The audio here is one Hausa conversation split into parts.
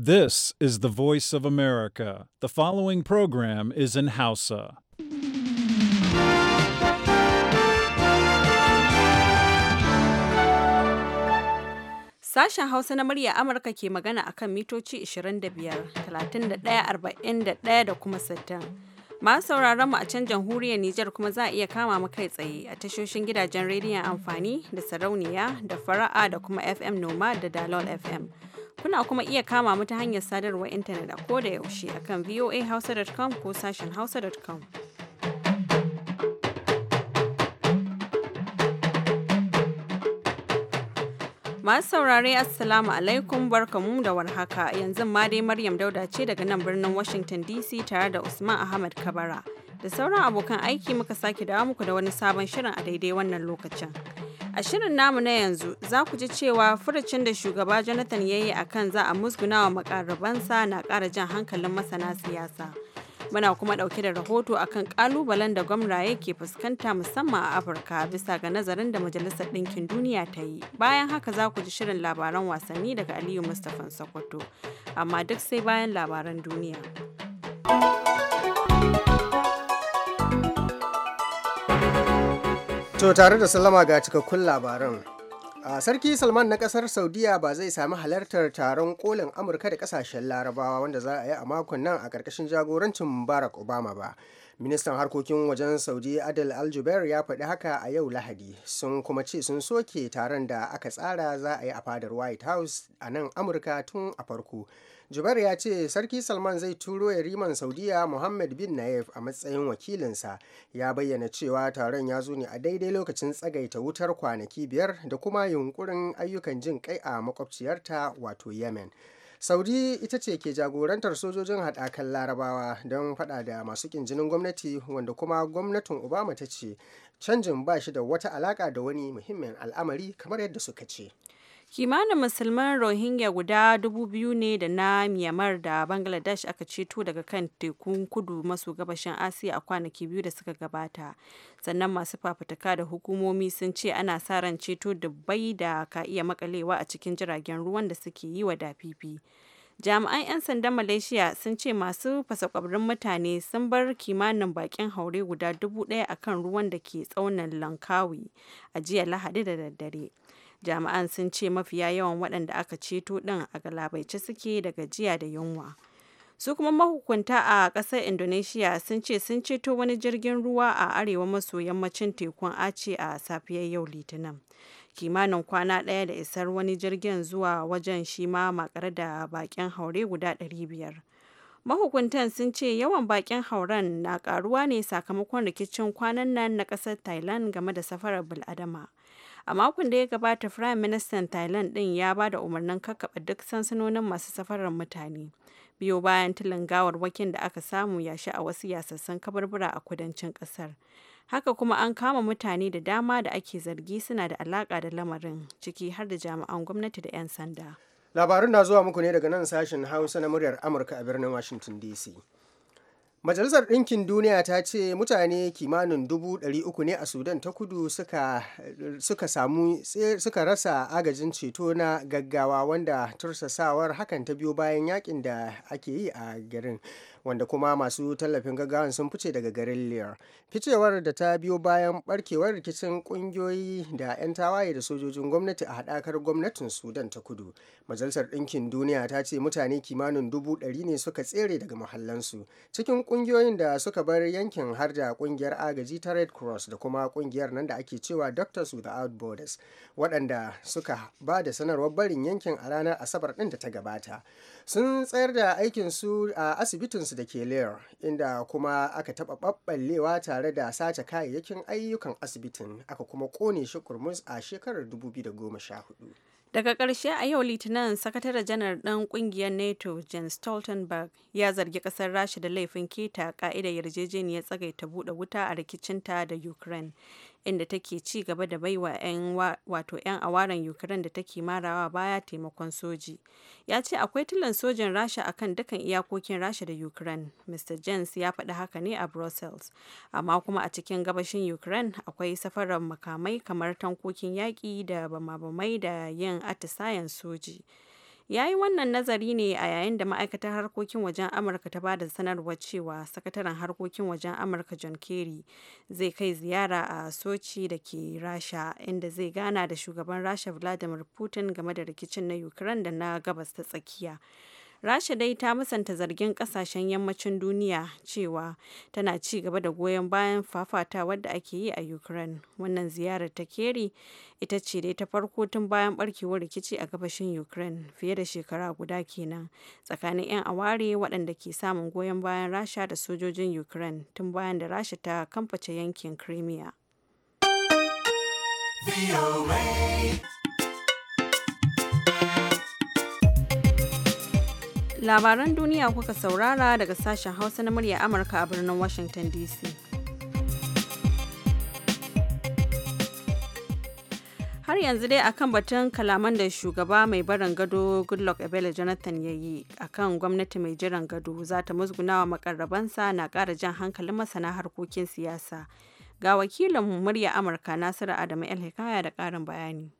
This is the voice of America. The following program is in Hausa. Sashen Hausa na murya Amurka ke magana akan mitoci 25, 31, 41 da kuma 60. Masu sauraron mu a can jamhuriyar Nijar kuma za a iya kama mu kai tsaye a tashoshin gidajen rediyon amfani da sarauniya da fara'a da kuma FM Noma da Dalol FM. Kuna kuma iya kama mu ta hanyar sadarwar intanet a ko da yaushe akan voahausa.com ko sashen hausa.com. Masu saurare Assalamu alaikum barkamu da warhaka yanzu ma dai Maryam Dauda ce daga nan birnin Washington DC tare da Usman Ahmad Kabara. Da sauran abokan aiki muka sake dawo muku da wani sabon shirin a daidai wannan lokacin. A shirin namu na yanzu za ku ji cewa furucin da shugaba Jonathan ya yi akan za a musguna wa makarabansa na ƙara jan hankalin masana siyasa. Muna kuma ɗauke da rahoto a kan ƙalubalen da gwamnati ke fuskanta musamman a Afirka bisa ga nazarin da Majalisar Ɗinkin Duniya ta yi. Bayan haka za ku ji shirin labaran wasanni daga Aliyu Mustapha Sokoto. Amma duk sai bayan labaran duniya. To tare da salama ga cikakkun labaran. A Sarki Salman na kasar Saudiya ba zai sami halartar taron kolin Amurka da kasashen Larabawa wanda za a yi a makon nan a ƙarƙashin jagorancin Barack Obama ba. ministan harkokin wajen saudi adil aljubair ya faɗi haka a yau lahadi sun kuma ce sun soke taron da aka tsara za a yi a fadar white house a nan amurka tun a farko Jubair ya ce Sarki Salman zai turo yariman Saudiya Muhammad bin Nayef a matsayin wakilinsa. Ya bayyana cewa taron ya zo ne a daidai lokacin tsagaita wutar kwanaki biyar da kuma yunkurin ayyukan jin kai a makwabciyarta wato Yemen. saudi ita ce ke jagorantar sojojin haɗakan larabawa don faɗa da masu ƙin jinin gwamnati wanda kuma gwamnatin obama ta ce canjin ba shi da wata alaƙa da wani muhimmin al'amari kamar yadda suka ce kimanin musulman rohingya guda dubu biyu ne da na myanmar da bangladesh aka ceto daga kan tekun kudu maso gabashin asiya a kwanaki biyu da suka gabata sannan masu fafutuka da hukumomi sun ce ana sa ran ceto dubbai da ka iya makalewa a cikin jiragen ruwan da suke yi wa dafifi jami'an 'yan sandan malaysia sun ce masu fasakwabrin mutane sun bar kimanin bakin haure guda dubu daya akan ruwan da ke tsaunin lankawi a jiya lahadi da daddare jami'an sun ce mafiya yawan waɗanda aka ceto ɗin a galabaice suke da gajiya da yunwa su kuma mahukunta a ƙasar indonesiya sun ce sun ceto wani jirgin ruwa a arewa maso yammacin tekun ace a safiyar yau litinin kimanin kwana ɗaya da isar wani jirgin zuwa wajen shi ma makare da bakin haure guda 500 mahukuntan sun ce yawan bakin hauren na karuwa ne sakamakon rikicin kwanan nan na ƙasar thailand game da safarar bil'adama A makon da ya gabata Firayim Ministan Thailand ɗin ya ba da umarnin kakkaɓe duk sansanonin masu safarar mutane. Biyo bayan tilin wakin da aka samu yashi a wasu yasassan kabarbara a kudancin ƙasar. Haka kuma an kama mutane da dama da ake zargi suna da alaka da lamarin, ciki har da jami'an gwamnati da 'yan sanda. Labarin na zuwa muku ne daga nan sashen Hausa na muryar Amurka a birnin Washington DC. majalisar ɗinkin duniya ta ce mutane kimanin dubu ɗari uku ne a sudan ta kudu suka, samu suka rasa agajin ceto na gaggawa wanda tursasawar hakan ta biyo bayan yakin da ake yi a garin wanda kuma masu tallafin gaggawan sun fice daga garin liyar ficewar da ta biyo bayan barkewar rikicin kungiyoyi da 'yan tawaye da sojojin gwamnati a haɗakar gwamnatin sudan ta kudu majalisar ɗinkin duniya ta ce mutane kimanin dubu ɗari ne suka tsere daga muhallansu cikin kungiyoyin da suka bar yankin har da kungiyar agaji ta red cross da kuma kungiyar nan da ake cewa doctors without borders waɗanda suka ba da sanarwar barin yankin a ranar asabar ɗin da ta gabata sun tsayar da aikinsu a asibitinsu da ke Lear inda kuma aka taɓa ɓaɓɓallewa tare da sace kayayyakin ayyukan asibitin aka kuma ƙone shi kurmus a shekarar 2014. Daga ƙarshe a yau Litinin Sakatare Janar ɗan ƙungiyar NATO Jens Stoltenberg ya zargi ƙasar Rasha da laifin keta ƙa'idar yarjejeniyar tsagaita buɗe wuta a rikicinta da Ukraine, inda take ci gaba da baiwa 'yan wato 'yan awaren Ukraine da take marawa baya taimakon soji. Ya ce akwai tilan sojin Rasha akan dukkan iyakokin Rasha da Ukraine. Mr. Jens ya faɗi haka ne a Brussels, amma kuma a cikin gabashin Ukraine akwai safarar makamai kamar tankokin yaƙi da bama-bamai da yin yin atisayen soji. Ya yi wannan nazari ne a yayin da ma'aikatar harkokin wajen Amurka ta ba da sanarwar cewa sakataren harkokin wajen Amurka John Kerry zai kai ziyara a Sochi da ke Rasha inda zai gana da shugaban Rasha Vladimir Putin game da rikicin na Ukraine da na gabas ta tsakiya. Rasha dai ta musanta zargin kasashen yammacin duniya cewa tana ci gaba da goyon bayan fafata wadda ake yi a Ukraine. Wannan ziyarar ta Keri ita ce dai ta farko tun bayan barkewar rikici a gabashin Ukraine fiye da shekara guda kenan tsakanin 'yan aware waɗanda ke samun goyon bayan Rasha da sojojin Ukraine tun bayan da Rasha ta kamface yankin Crimea. Labaran duniya kuka saurara daga sashen Hausa na murya Amurka a birnin Washington DC. Har yanzu dai akan batun kalaman da shugaba mai barin gado Goodluck Ebele Jonathan ya yi akan gwamnati mai jiran gado za ta musgunawa makarrabansa na kara jan hankalin masana harkokin siyasa. Ga wakilin murya Amurka Nasiru Adamu El Hikaya da karin bayani.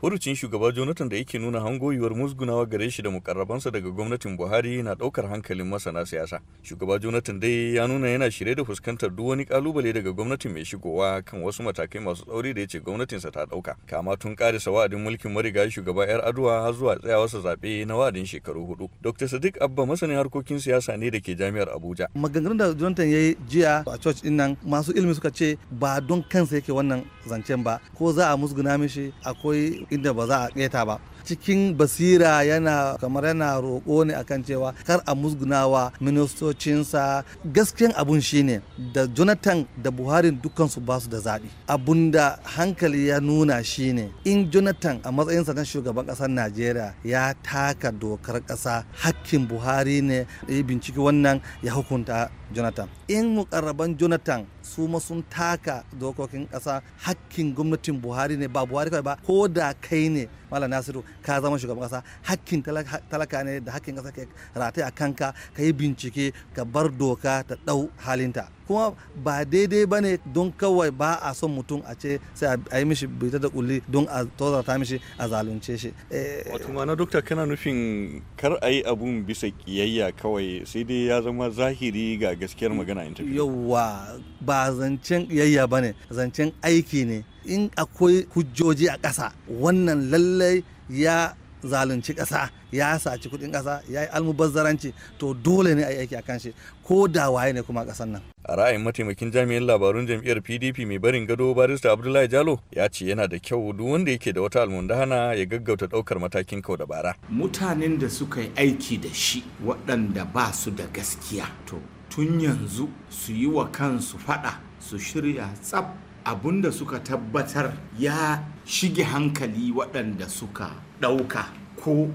furucin shugaba jonathan da yake nuna hangoyiwar musgunawa gare shi da mukarrabansa daga gwamnatin buhari na ɗaukar hankalin masana siyasa shugaba jonathan dai ya nuna yana shirye da fuskantar duk wani kalubale daga gwamnatin mai shigowa kan wasu matakai masu tsauri da ya ce gwamnatinsa ta ɗauka kama tun karisa wa'adin mulkin mariga shugaba yar aduwa har zuwa tsayawarsa zaɓe na wa'adin shekaru hudu dr sadiq abba masanin harkokin siyasa ne da ke jami'ar abuja maganganun da jonathan ya yi jiya a church din nan masu ilimi suka ce ba don kansa yake wannan zancen ba ko za a musguna mishi akwai inda ba za a keta ba cikin basira yana kamar yana roƙo ne akan cewa kar a musgunawa ministocinsa gaskiyan abun shine da jonathan da buhari dukansu ba su da zaɓi abun da hankali ya nuna shine in jonathan a matsayinsa na shugaban ƙasar najeriya ya taka dokar ƙasa hakkin buhari ne ya binciki wannan ya hukunta jonathan in mukarraban jonathan su ma sun taka dokokin ƙasa hakkin gwamnatin buhari ne ba buhari kawai ba ko da kai ne malam nasiru ka zama shugaban kasa hakkin talaka ne da hakkin kasa ke rataya a kanka ka yi bincike ka bar doka ta dau halinta kuma ba daidai ba ne don kawai ba a son mutum a ce sai a yi mishi bita da kulli don a tozarta mishi a zalunce shi. Eh, wato ma na dokta kana nufin kar a yi abun bisa kiyayya kawai sai dai ya zama zahiri ga gaskiyar magana yawwa ba zancen kiyayya ba ne zancen aiki ne in akwai hujjoji a ƙasa wannan lallai ya zalunci ƙasa ya saci kuɗin ƙasa ya yi almubazzaranci to dole ne a yi aiki a kan shi ko da waye ne kuma ƙasar nan. a ra'ayin mataimakin jami'in labarun jam'iyyar pdp mai barin gado barista abdullahi jalo ya ce yana da kyau duk wanda yake da wata almundahana ya gaggauta ɗaukar matakin kau da bara. mutanen da suka yi aiki da shi waɗanda ba su da gaskiya to tun yanzu su yi wa kansu faɗa su shirya tsaf abun da suka tabbatar ya shige hankali waɗanda suka ɗauka ko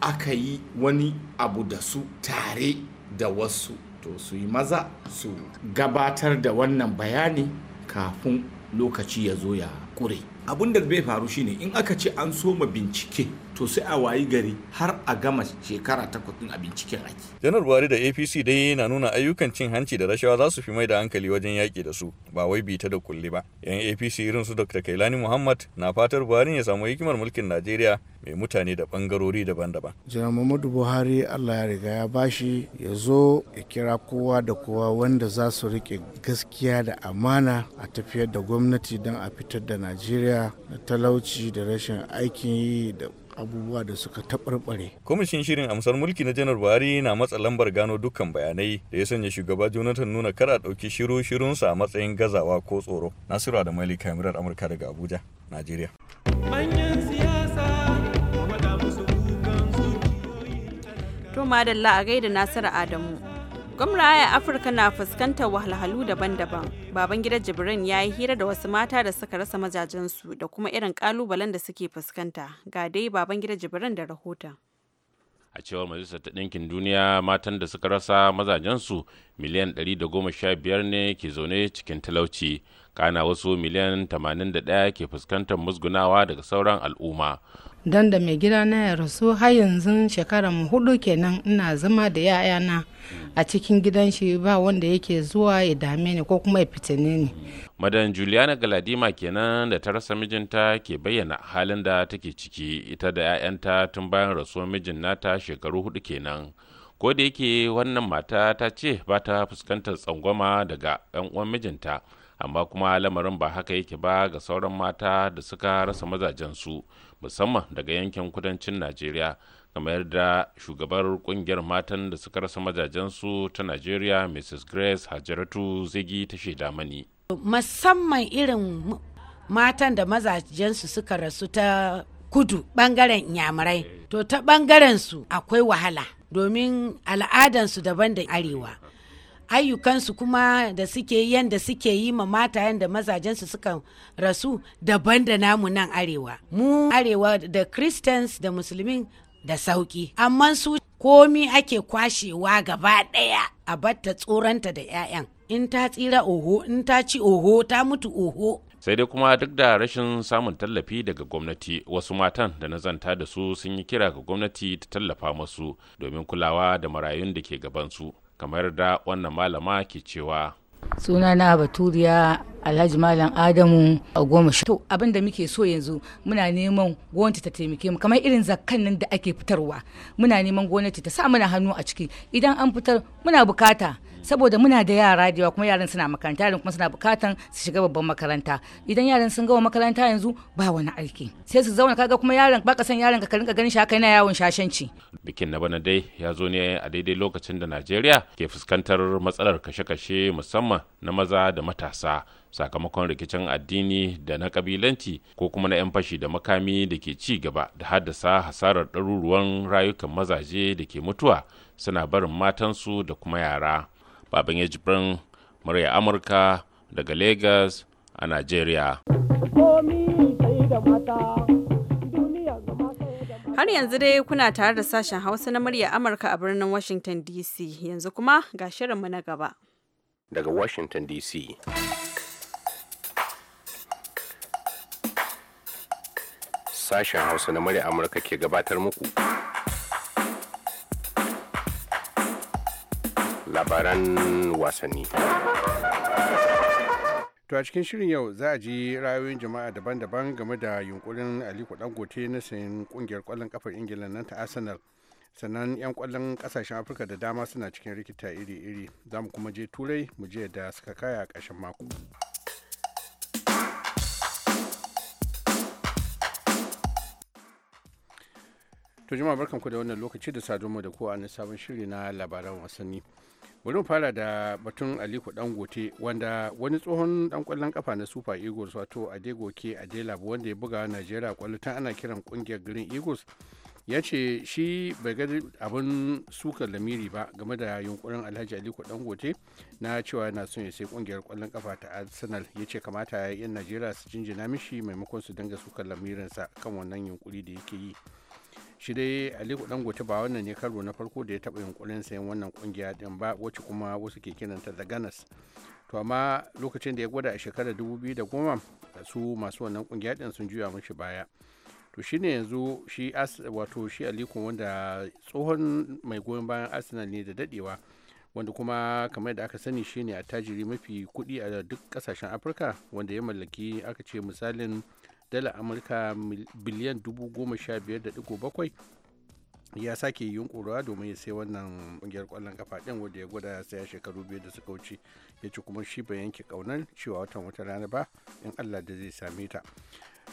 aka yi wani abu da su tare da wasu to su yi maza su gabatar da wannan bayani kafin lokaci ya zo ya kure. abun da bai faru shine in aka ce an soma bincike to sai a wayi gari har a gama shekara ta kudin a binciken ake. janar buhari da apc dai na nuna ayyukan cin hanci da rashawa za su fi mai da hankali wajen yaƙi da su ba wai bita da kulle ba yan apc irin su dr kailani muhammad na fatar buhari ya samu hikimar mulkin najeriya mai mutane da bangarori daban-daban. janar muhammadu buhari allah ya riga ya bashi ya zo ya kira kowa da kowa wanda za su riƙe gaskiya da amana a tafiyar da gwamnati don a fitar da najeriya lafiya da talauci da rashin aikin yi da abubuwa da suka taɓarɓare. Kwamishin shirin amsar mulki na janar Buhari na matsa lambar gano dukkan bayanai da ya sanya shugaba Jonathan nuna kara ɗauki shiru shirunsa a matsayin gazawa ko tsoro. Nasiru da Maili Kamirar Amurka daga Abuja, Najeriya. To madalla a gaida Nasiru Adamu. Gwamnati a Afirka na fuskantar wahalhalu daban-daban. Baban gidan Jibrin ya yi hira da wasu mata da suka rasa majajensu da kuma irin kalubalen da suke fuskanta. Ga dai baban gidan Jibrin da rahoton. a cewar majalisar ta ɗinkin duniya matan da suka rasa mazajensu miliyan 115 ne ke zaune cikin talauci kana wasu miliyan 81 ke fuskantar musgunawa daga sauran al'umma don da mai gida na ya rasu har yanzu shekara mu hudu kenan ina zama da yayana a cikin gidan shi ba wanda yake zuwa ya dame ni ko kuma ya fitine ni madan juliana galadima kenan da ta rasa mijinta ke bayyana halin da take ciki ita da 'ya'yanta tun bayan rasuwar mijin nata shekaru hudu kenan ko da yake wannan mata ta ce ba ta fuskantar tsangwama daga 'yan uwan mijinta amma kuma lamarin ba haka yake ba ga sauran mata da suka rasa mazajensu su musamman daga yankin kudancin najeriya kamar da shugabar kungiyar matan da suka rasa majajensu ta najeriya mrs grace hajaratu zigi ta shaida mani musamman irin matan da mazajensu suka rasu ta kudu bangaren inyamurai to ta bangaren su akwai wahala domin al'adansu daban da arewa ayyukansu kuma da suke yi yadda suke yi ma mata yadda mazajensu suka rasu daban da namu nan arewa mu arewa da christians da musulmin da sauki amma su komi ake kwashewa gaba ɗaya a batta tsoranta da 'ya'yan in ta tsira oho in ta ci oho ta mutu oho sai dai kuma duk da rashin samun tallafi daga gwamnati wasu matan da na zanta da su sun yi kira ga gwamnati ta tallafa masu domin kulawa da marayun da ke gabansu kamar da wannan malama ke cewa sunana baturiya alhaji malam adamu a goma sha to abin da muke so yanzu muna neman gwamnati ta taimake mu kamar irin zakkan nan da ake fitarwa muna neman gwamnati ta sa mana hannu a ciki idan an fitar muna bukata saboda muna da yara da yawa kuma yaran suna makaranta yaran kuma suna bukatan su shiga babban makaranta idan yaran sun gama makaranta yanzu ba wani aiki sai su zauna kaga kuma yaran baka san yaran ka rinka ganin shi haka yana yawon shashanci bikin na bana dai ya zo ne a daidai lokacin da Najeriya ke fuskantar matsalar kashe-kashe musamman na maza da matasa sakamakon rikicin addini da na kabilanci ko kuma na 'yan fashi da makami da ke ci gaba da haddasa hasarar ɗaruruwan rayukan mazaje da ke mutuwa suna barin matansu da kuma yara baban yajibin murya amurka daga lagos a nigeria Har yanzu dai kuna tare da sashen Hausa na murya Amurka a birnin Washington DC. Yanzu kuma ga shirinmu na gaba. Daga Washington DC. sashen hausa na murya amurka ke gabatar muku labaran wasanni to a cikin shirin yau za a ji ra'ayoyin jama'a daban-daban game da yunkurin aliko dangote na sayan kungiyar kwallon kafar ingila nan ta arsenal sannan 'yan kwallon kasashen afirka da dama suna cikin rikita iri-iri za mu kuma je turai mu je da suka kaya a ƙarshen mako. to jama'a barkanku da wannan lokaci da mu da kowa na sabon shiri na labaran wasanni bari mu fara da batun aliko dangote wanda wani tsohon dan kwallon kafa na super eagles wato ke adelabu wanda ya buga najeriya kwallo tun ana kiran kungiyar green eagles ya ce shi bai ga abin sukar lamiri ba game da yunkurin alhaji aliko dangote na cewa yana son ya sai kungiyar kwallon kafa ta arsenal ya ce kamata yan najeriya su jinjina mishi maimakon su dinga sukar lamirinsa kan wannan yunkuri da yake yi shi dai aliko dangote ba wannan ne karo na farko da ya taɓa yunkurin sayan wannan kungiya din ba wacce kuma wasu ke kiranta da ganas to amma lokacin da ya gwada a shekarar 2010 su masu wannan kungiya din sun juya mashi baya to shi ne yanzu shi wato shi aliko wanda tsohon mai goyon bayan arsenal ne da dadewa wanda kuma kamar da aka sani shi shine attajiri mafi kuɗi a duk kasashen afirka wanda ya mallaki aka ce misalin dala amurka biliyan 15.7 ya sake yunkurowa domin ya sai wannan ƙungiyar kwallon kafa ɗin wanda ya gwada sai shekaru biyu da suka wuce ya ci kuma shi bai yanke ƙaunar cewa watan wata rana ba in allah da zai same ta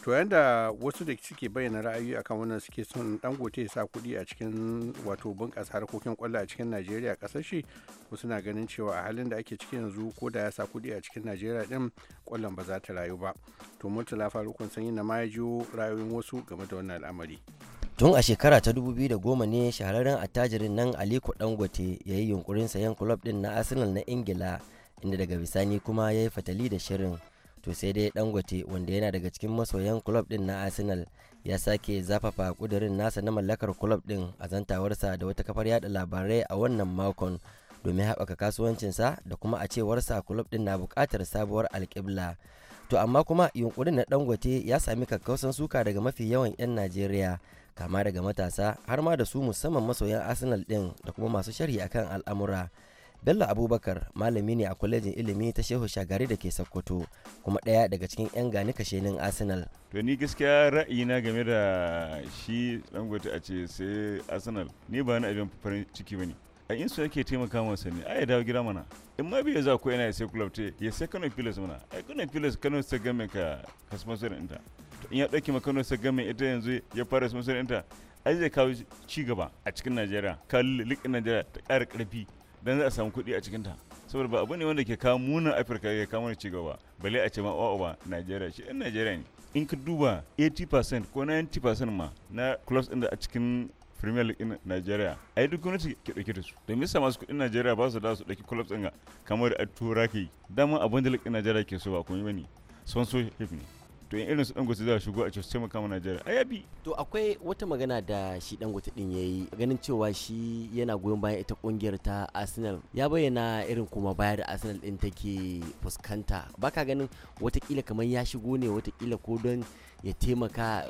to yadda wasu da suke bayyana ra'ayi akan wannan suke son gote ya sa kuɗi a cikin wato bunƙasa harkokin kwallo a cikin najeriya ƙasar shi wasu na ganin cewa a halin da ake ciki yanzu ko da ya sa kuɗi a cikin najeriya ɗin kwallon ba za ta rayu ba to murtala farukun sanyi na ma ya jiwo ra'ayoyin wasu game da wannan al'amari tun a shekara ta 2010 ne shahararren attajirin nan aliko dangote ya yi yunkurin sayan kulob din na arsenal na ingila inda daga bisani kuma ya yi fatali da shirin to sai dai dangote wanda yana daga cikin masoyan kulob din na arsenal ya sake zafafa kudurin nasa na mallakar kulob din a zantawarsa da wata kafar yada labarai a wannan makon domin haɓaka kasuwancinsa da kuma a cewarsa kulob din na buƙatar sabuwar alƙibla to amma kuma yunkurin na dangote ya sami kakkausan suka daga mafi yawan 'yan najeriya kama daga matasa har ma da su musamman masoyan arsenal din da kuma masu sharhi akan al'amura Bello Abubakar malami ne a kwalejin ilimi ta Shehu Shagari da ke Sokoto kuma ɗaya daga cikin 'yan gani kashenin Arsenal. To ni gaskiya na game da shi Dangote a ce sai Arsenal ni ba na abin farin ciki ne A insu yake taimaka masa ne ai ya dawo gida mana. In ma biya za ko yana ya sai club te ya sai Kano Pilas mana. Ai Kano Pilas Kano sai game ka kasmasar inta In ya ɗauki ma Kano sai game ita yanzu ya fara kasmasar inta Ai zai kawo ci gaba a cikin Najeriya. Kawo liƙin Najeriya ta ƙara ƙarfi dan za a samu kuɗi a cikinta saboda ba abu ne wanda ke kawo muna afirka ya kawo mana cigaba bale a ce ma o'o ba najeriya shi in najeriya ne in ka duba 80% ko 90% ma na clubs ɗin da a cikin premier league in nigeria a yi duk gwamnati ke ɗauke da su da misa masu kuɗin nigeria ba su da su ɗauki clubs ɗin kamar a tura ke dama abin da league nigeria ke so ba kuma yi bane sponsorship ne to in irin su dangote za shigo a cikin su taimaka ma najeriya a yabi to akwai wata magana da shi dangote din ya yi ganin cewa shi yana goyon bayan ita kungiyar ta arsenal ya bayyana irin kuma baya da arsenal din take fuskanta baka ganin watakila kamar ya shigo ne watakila ko don ya taimaka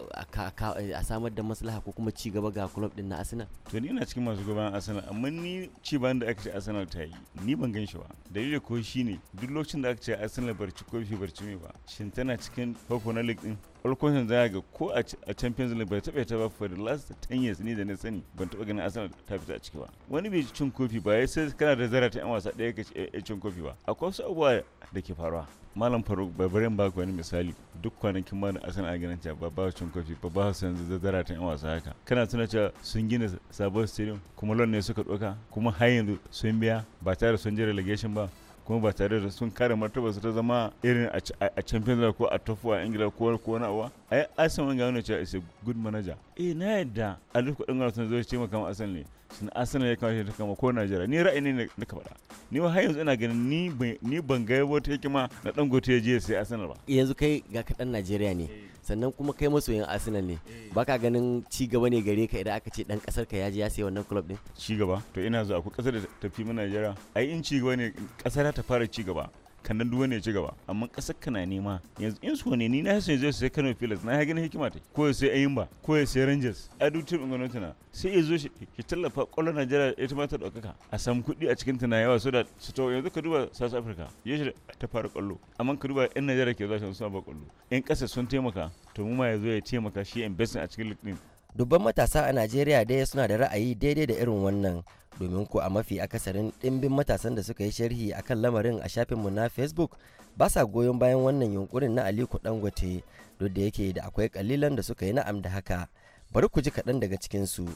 a samar da maslaha ko kuma ci gaba ga club din na Arsenal? To ni ina cikin masu gaban Arsenal amma ni ci bayan da aka ce Arsenal ta yi ni ban gan shi ba. dalilin ko shine duk lokacin da aka ce Arsenal barci kofi barci ne ba shin tana cikin farko na league din farkon za ga ko a champions league bai taɓa ta ba for the last 10 years ni da na sani ban taɓa ganin arsenal ta fita a ciki ba wani bai cin kofi ba ya sai kana da zara ta yan wasa ɗaya ka eh, cin kofi ba akwai wasu abubuwa da ke faruwa malam faruk babarin ba wani misali duk kwanakin ma da a ganin ba ba cin kofi ba ba su yanzu zazzara yan wasa haka kana tuna cewa sun gina sabon stadium kuma lon ne suka ɗauka kuma har yanzu sun biya ba tare da sun jira relegation ba kuma ba tare da sun kare su ta zama irin a champions league ko a top a ingila ko wani wa. ai asan wani gano cewa is a good manager eh na yadda a duk kudin gara sun zo ya taimaka ma asan ne sun asan ya kamata ta kama ko Nigeria ni ra'ayi ne na ka faɗa ni har yanzu ina ganin ni ban ga wata hikima na dangote ya je sai asan ba yanzu kai ga kaɗan najeriya ne eh. sannan kuma kai masoyin arsenal ne eh. baka ganin ci gaba ne gare ka idan aka ce dan kasar ka yaji ya sayi wannan club din ci gaba to ina zuwa ku kasar da tafi mu Najeriya ai in ci gaba ne kasar ta fara ci gaba kannan duwa ne ci gaba amma ƙasar kana nema yanzu in so ne ni na san zai sai Kano Pilas na ya gani hikima ta ko sai Ayimba ko sai Rangers a duk team ɗin sai ya zo shi tallafa ƙwallon Najeriya ita ma ta ɗaukaka a samu kuɗi a cikin tana yawa so da su to yanzu ka duba South Africa ya shi ta fara ƙwallo amma ka duba 'yan Najeriya ke zuwa suna ba kwallo 'yan kasa sun taimaka to mu ma ya zo ya taimaka shi investing a cikin dubban matasa a najeriya dai suna da ra'ayi daidai da irin wannan domin ko a mafi akasarin ɗimbin matasan da suka yi sharhi akan lamarin a shafinmu na facebook ba sa goyon bayan wannan yunkurin na aliko dangote duk da yake da akwai kalilan da suka yi na'am da haka bari ku ji kaɗan daga cikinsu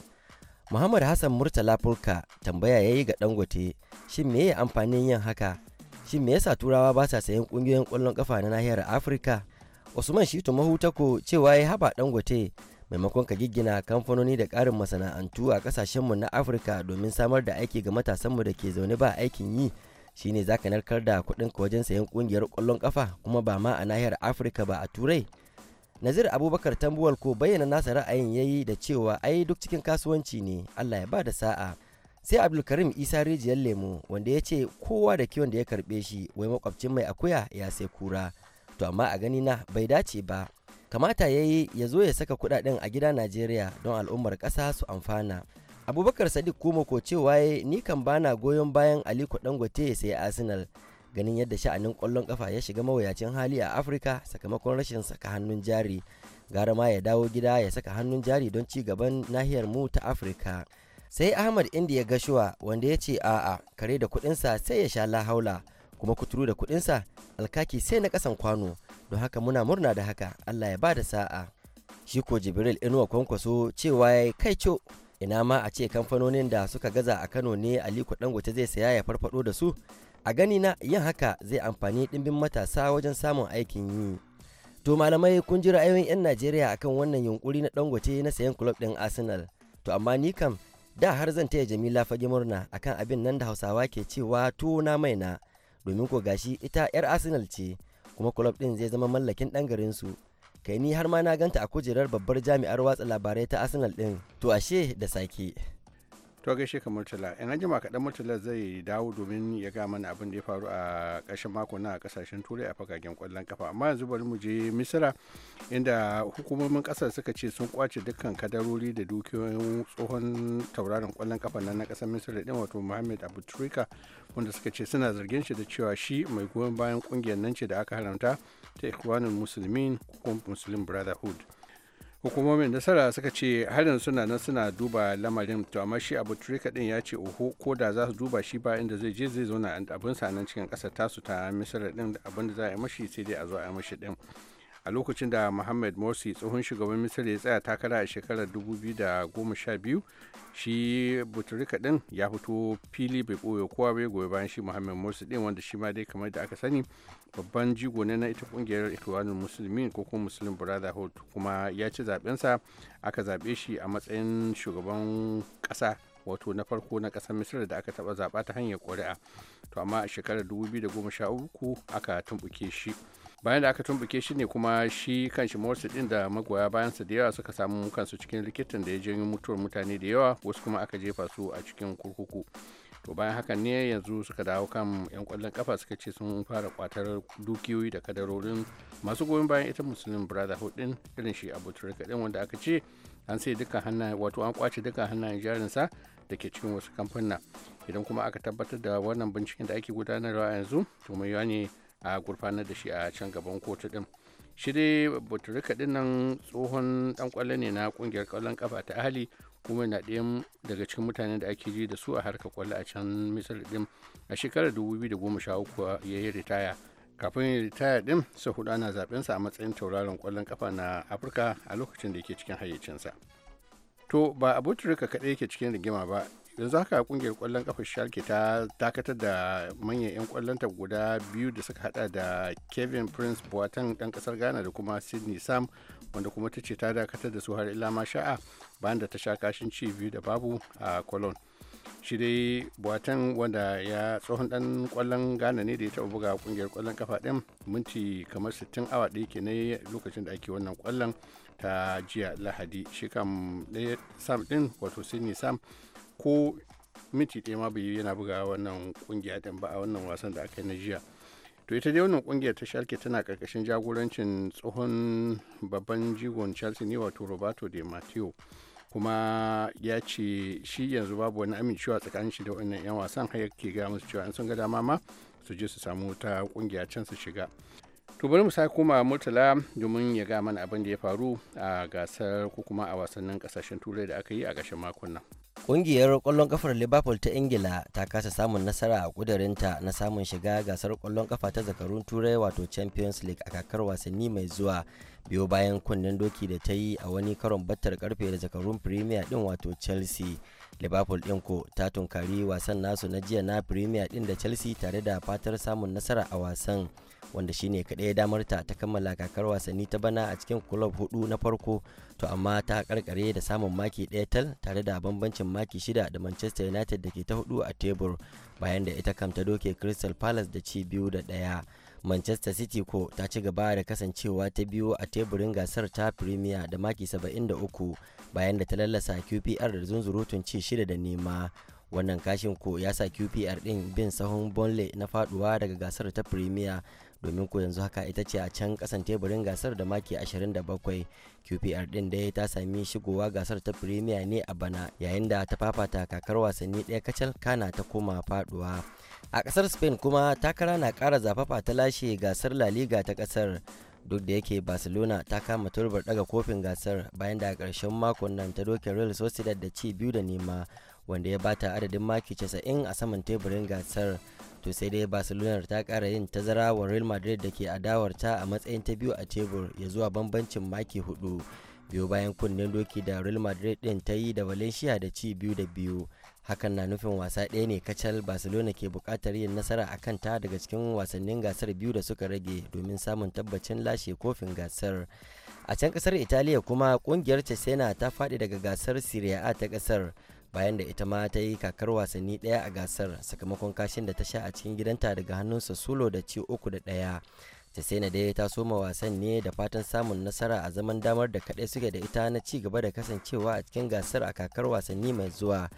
muhammad hassan murtala furka tambaya ya yi ga dangote shin me ya amfanin yin haka shin me yasa turawa ba sa sayan ƙungiyoyin ƙwallon ƙafa na nahiyar afirka usman shitu mahutako cewa ya haba dangote maimakon ka giggina kamfanoni da ƙarin masana'antu a ƙasashenmu na afirka domin samar da aiki ga matasanmu da ke zaune ba aikin yi shine za ka narkar da kuɗin ka wajen sayan ƙungiyar ƙwallon ƙafa kuma ba ma a nahiyar afirka ba a turai nazir abubakar tambuwal ko bayyana nasa ra'ayin yayi da cewa ai duk cikin kasuwanci ne allah ya ba da sa'a sai abdulkarim isa rijiyar lemo wanda ya ce kowa da kiwon da ya karɓe shi wai makwabcin mai akuya ya sai kura to amma a gani na bai dace ba kamata ya yi ya zo ya saka kudaden a gida najeriya don al'ummar ƙasa su amfana abubakar sadiq kuma ko cewa ya ni kan bana goyon bayan aliko dangote ya sayi arsenal ganin yadda sha'anin ƙwallon ƙafa ya shiga mawuyacin hali a afirka sakamakon rashin saka hannun jari gara ma ya dawo gida ya saka hannun jari don ci gaban nahiyar mu ta afirka sai ahmad ga gashuwa wanda ya ce a'a kare da kudinsa sai ya sha lahaula kuma kuturu da kudinsa alkaki sai na kasan kwano don haka muna murna da haka Allah ya ba da sa'a shi ko jibril inuwa kwankwaso cewa ya kai co ina ma a ce kamfanonin da suka gaza a kano ne aliko dangote zai saya ya farfado da su a gani na yin haka zai amfani dimbin matasa wajen samun aikin yi to malamai kun ji ra'ayoyin 'yan najeriya akan wannan yunkuri na dangote na sayan kulob din arsenal to amma ni kam da har zan taya jamila fage murna akan abin nan da hausawa ke cewa tuwo na na domin ko gashi ita 'yar arsenal ce kuma kulob din zai zama mallakin ɗan su kai ni har ma na ganta a kujerar babbar jami'ar watsa labarai ta arsenal ɗin to ashe da sake to gaishe ka murtala ina jima kaɗan murtala zai dawo domin ya ga mana abin da ya faru a ƙarshen mako na ƙasashen turai a fagagen ƙwallon kafa amma yanzu bari mu je misira inda hukumomin ƙasar suka ce sun kwace dukkan kadarori da dukiyoyin tsohon tauraron ƙwallon kafa na ƙasar misira din wato muhammad abu turika wanda suka ce suna zargin shi da cewa shi mai goyon bayan ƙungiyar nan ce da aka haramta ta ikwanin musulmin ko muslim brotherhood hukumomin nasara suka ce harin suna nan suna duba lamarin to amma shi abu turika din ya ce oho ko da za su duba shi ba inda zai je zai zauna abin sa nan cikin kasar tasu ta da din abin da za a yi mashi sai dai a zo a yi mashi din a lokacin da muhammad Morsi tsohon shugaban misar ya tsaya takara a shekarar 2012 shi Buturika din ya fito fili bai ɓoye kowa bai goyi bayan shi muhammad Morsi din wanda shi ma dai kamar da aka sani babban jigo ne na ita kungiyar ikhwanul musulmin ko kuma muslim brotherhood kuma ya ci sa aka zaɓe shi a matsayin shugaban ƙasa wato na farko na ƙasar misira da aka taɓa zaɓa ta hanyar ƙuri'a to amma a shekarar 2013 aka tumɓuke shi bayan da aka tumbuke shi ne kuma shi kanshi morsi din da magoya bayansa da yawa suka samu kansu cikin likitan da ya janyo mutuwar mutane da yawa wasu kuma aka jefa su a cikin kurkuku to bayan hakan ne yanzu suka dawo kan 'yan kwallon kafa suka ce sun fara kwatar dukiyoyi da kadarorin masu goyon bayan ita musulun brotherhood din irin shi a turka din wanda aka ce an sai dukkan hannayen wato an kwace dukkan hannayen jarinsa da ke cikin wasu kamfuna idan kuma aka tabbatar da wannan binciken da ake gudanarwa yanzu to mai ne a gurfanar da shi a can gaban kotu din shi dai buturika din nan tsohon dan kwallo ne na kungiyar kwallon kafa ta ahli kuma na ɗaya daga cikin mutane da ake ji da su a harkar kwallo a can misali ɗin a shekarar dubu biyu da 2013 ah, ya yi ritaya kafin ya ritaya ɗin sa hudu ana zaɓensa a matsayin tauraron kwallon kafa na afirka a lokacin da yake cikin hayyacinsa to ba turka kaɗai yake cikin rigima ba yanzu haka kungiyar kwallon kafa shalke ta dakatar da manyan 'yan kwallonta guda biyu da suka hada da kevin prince buwatan dan kasar ghana da kuma sydney sam wanda kuma ta ce ta dakatar da su har ila ma sha'a bayan da ta sha kashin ci biyu da babu a cologne shi dai buwatan wanda ya tsohon dan kwallon ghana ne da ya taba buga kungiyar kwallon kafa ɗin minti kamar 60 awa ɗaya ke ne lokacin da ake wannan kwallon ta jiya lahadi shi kam ɗaya sam din wato sydney sam ko minti ɗaya ma bai yi yana buga wannan kungiya ɗin ba a wannan wasan da aka yi na jiya to ita dai wannan kungiyar ta shalke tana karkashin jagorancin tsohon babban jigon chelsea ne wato roberto de matteo kuma ya ce shi yanzu babu wani amincewa tsakanin shi da wannan 'yan wasan har yake ga musu cewa in sun ga dama ma su je su samu ta kungiya can su shiga to bari mu sake koma murtala domin ya ga mana abin da ya faru a gasar ko kuma a wasannin kasashen turai da aka yi a gashin makon nan Ƙungiyar kwallon kafar Liverpool ta Ingila ta kasa samun nasara a kudurinta na samun shiga gasar kwallon kafa ta zakarun Turai wato Champions League a kakar wasanni mai zuwa biyu bayan kunnen doki da ta yi a wani karon battar karfe da zakarun Premier din wato Chelsea. Liverpool din ko ta tunkari wasan nasu na jiya na Premier din da Chelsea tare da fatar samun nasara a wasan. wanda shine kaɗai damarta damar ta ta kammala kakar wasanni ta bana a cikin kulob hudu na farko to amma ta karkare da samun maki ɗaya tal tare da bambancin maki shida da manchester united da ke ta hudu a tebur bayan da ita kam ta doke crystal palace da ci biyu da ɗaya manchester city ko ta ci gaba da kasancewa ta biyu a teburin gasar ta premier da maki 73 bayan da ta lallasa qpr da zunzurutun ci shida da nema wannan kashin ko ya sa qpr din bin sahun bonle na faduwa daga gasar ta premier domin ko yanzu haka ita ce a can kasan teburin gasar da maki 27 qpr din da ta sami shigowa gasar ta premier ne a bana yayin da ta fafata kakar wasanni daya kacal kana ta koma faduwa a kasar spain kuma takara na kara zafafa ta lashe gasar la liga ta kasar duk da yake barcelona ta kama turbar daga kofin gasar bayan da a ƙarshen makon nan ta doke real sociedad da ci biyu da nema wanda ya bata adadin maki 90 a saman teburin gasar to sai dai barcelona ta kara yin tazara wa real madrid da ke adawarta a matsayin ta biyu a tebur ya zuwa bambancin maki hudu biyu bayan kunnen doki da real madrid din ta yi da valencia da ci biyu da biyu hakan na nufin wasa ɗaya ne kacal barcelona ke buƙatar yin nasara a kanta daga cikin wasannin gasar biyu da suka rage domin samun tabbacin lashe kofin gasar a can kasar italiya kuma kungiyar cesena ta faɗi daga gasar serie a ta kasar bayan da ita ma ta yi kakar wasanni ɗaya a gasar sakamakon kashin da ta sha a cikin gidanta daga hannun Sassuolo da ci uku da ɗaya. Tasena dai ta soma wasan ne da fatan samun nasara a zaman damar da kaɗai suke da ita na ci gaba da kasancewa a cikin gasar a kakar wasanni mai zuwa.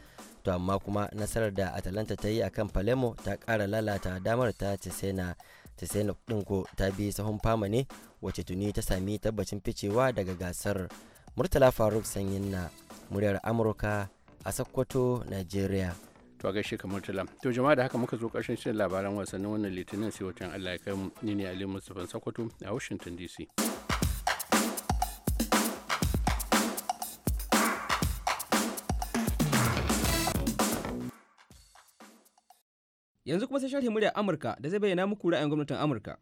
To amma kuma nasarar da Atalanta ta yi a kan Palermo ta ƙara lalata damar ta Tasena. Tasena ɗin ko ta bi sahun fama ne wacce tuni ta sami tabbacin ficewa daga gasar. Murtala Faruk Sanyin na muryar Amurka a Sokoto, nigeria. To a gaishe kamar tala. To jama'a da haka muka zo karshen shirin labaran wasannin wannan litinin sai watan Allah ya kai mu ni ne Ali mustapha Sokoto a Washington DC. Yanzu kuma sai sharhi muryar Amurka da zai bayyana muku ra'ayin gwamnatin Amurka.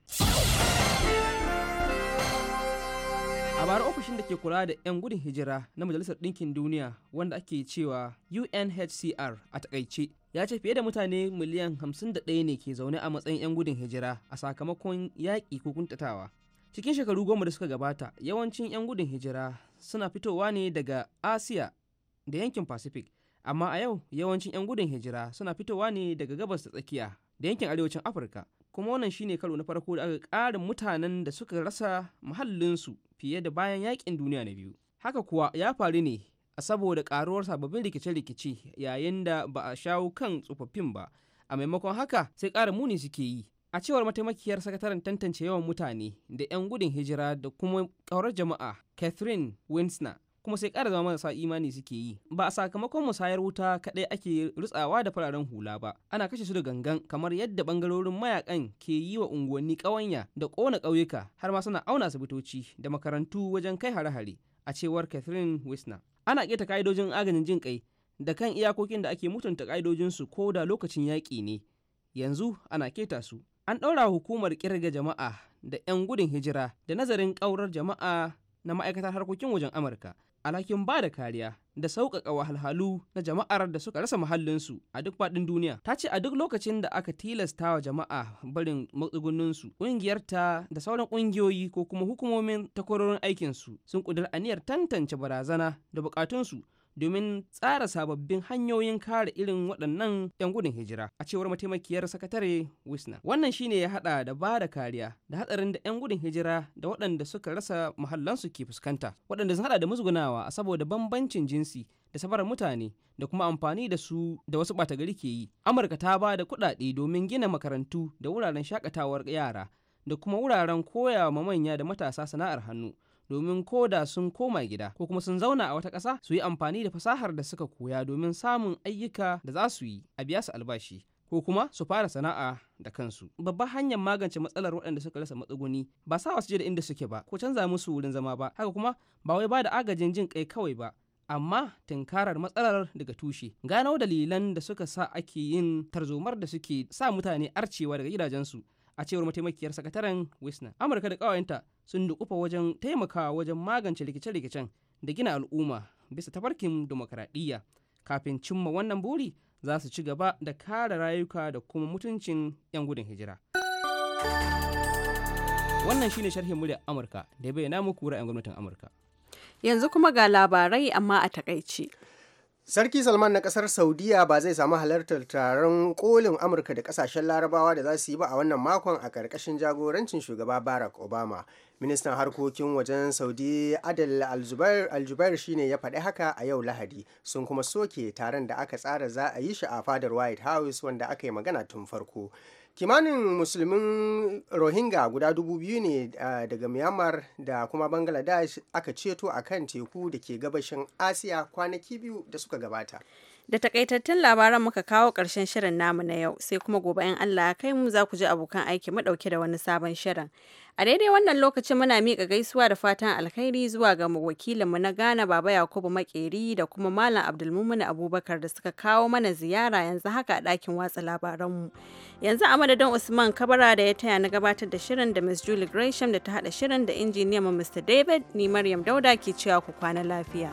bara ofishin da ke kula da 'yan gudun hijira na majalisar ɗinkin duniya wanda ake cewa unhcr a takaice ya ce fiye da mutane miliyan 51 ne ke zaune a matsayin 'yan gudun hijira a sakamakon yaƙi ko kuntatawa cikin shekaru goma da suka gabata yawancin 'yan gudun hijira suna fitowa ne daga asiya da yankin pacific amma a yau yawancin 'yan gudun hijira suna fitowa ne daga gabas da tsakiya da yankin arewacin afirka kuma wannan shine karo na farko da aka ƙarin mutanen da suka rasa muhallinsu fiye da bayan yakin duniya na biyu haka kuwa ya faru ne a saboda karuwar sababbin rikice-rikice yayin da ba a shawo kan tsofaffin ba a maimakon haka sai ƙara muni suke yi a cewar mataimakiyar sakataren tantance yawan mutane da 'yan gudun hijira da kuma ƙaurar jama'a catherine winsner kuma sai ƙara zama marasa imani suke yi ba a sakamakon musayar wuta kaɗai ake rutsawa da fararen hula ba ana kashe su da gangan kamar yadda bangarorin mayakan ke yi wa unguwanni ƙawanya da ƙona ƙauyuka har ma suna auna asibitoci da makarantu wajen kai hare-hare a cewar Catherine Wisner ana keta ka'idojin agajin jin kai da kan iyakokin da ake mutunta su ko da lokacin yaƙi ne yanzu ana keta su an ɗaura hukumar kirga jama'a da 'yan gudun hijira da nazarin ƙaurar jama'a na ma'aikatar harkokin wajen amurka alhakin ba da kariya da sauƙaƙa wahalhalu na jama'ar da suka rasa muhallinsu a duk faɗin duniya ta ce a duk lokacin da aka tilasta wa jama'a barin matsugunninsu ƙungiyarta da sauran ƙungiyoyi ko kuma hukumomin takwarorin aikinsu sun ƙudur aniyar tantance barazana da buƙatunsu domin tsara sababbin hanyoyin kare irin waɗannan 'yan gudun hijira a cewar mataimakiyar sakatare wisna wannan shine ya haɗa da ba da kariya da hatsarin da 'yan gudun hijira da waɗanda suka rasa mahallansu ke fuskanta waɗanda sun haɗa da musgunawa a saboda bambancin jinsi da safarar mutane da kuma amfani da su da wasu ɓata gari ke yi amurka ta ba da kuɗaɗe domin gina makarantu da wuraren shakatawar yara da kuma wuraren koya ma manya da matasa sana'ar hannu domin ko da sun koma gida ko kuma sun zauna a wata ƙasa su yi amfani da fasahar da suka koya domin samun ayyuka da za su yi a biya su albashi ko kuma su fara sana'a da kansu babbar hanyar magance matsalar waɗanda suka rasa matsuguni ba sa wasu je da inda suke ba ko canza musu wurin zama ba haka kuma ba wai ba da agajin jin kai kawai ba amma tunkarar matsalar daga tushe gano dalilan da suka sa ake yin tarzomar da suke sa mutane arcewa daga gidajensu a cewar mataimakiyar sakataren wisna amurka da ƙawayenta sun dukufa wajen taimakawa wajen magance rikice-rikicen da gina al'umma bisa tafarkin dimokuraɗiyya kafin cimma wannan buri za su ci gaba da kare rayuka da kuma mutuncin 'yan gudun hijira wannan shi ne sharhin muryar amurka da ya bayyana muku yan gwamnatin amurka yanzu kuma ga labarai amma a takaice Sarki Salman na kasar Saudiya ba zai samu halartar taron kolin Amurka da kasashen larabawa da za su yi ba a wannan makon a ƙarƙashin jagorancin shugaba Barack Obama. Ministan harkokin wajen Saudi Adal Aljubair shi ne ya faɗi haka a yau Lahadi sun kuma soke taron da aka tsara za a yi shi a fadar White House wanda aka yi magana tun farko. kimanin musulmin rohingya guda dubu biyu ne daga myanmar da kuma bangladesh aka ceto a kan teku da ke gabashin asiya kwanaki biyu da suka gabata Da takaitattun labaran muka kawo ƙarshen shirin namu na yau sai kuma gobe in Allah ya kai mu za ku ji abokan aiki mu ɗauke da wani sabon shirin. A daidai wannan lokacin muna miƙa gaisuwa da fatan alkhairi zuwa ga wakilinmu na Ghana Baba Yakubu Makeri da kuma Malam Abdulmumin Abubakar da suka kawo mana ziyara yanzu haka a ɗakin watsa labaranmu. Yanzu a madadin Usman Kabara da ya taya na gabatar da shirin da Miss Julie Gresham da ta haɗa shirin da injiniyan Mr. David ni Maryam Dauda ke cewa ku kwana lafiya.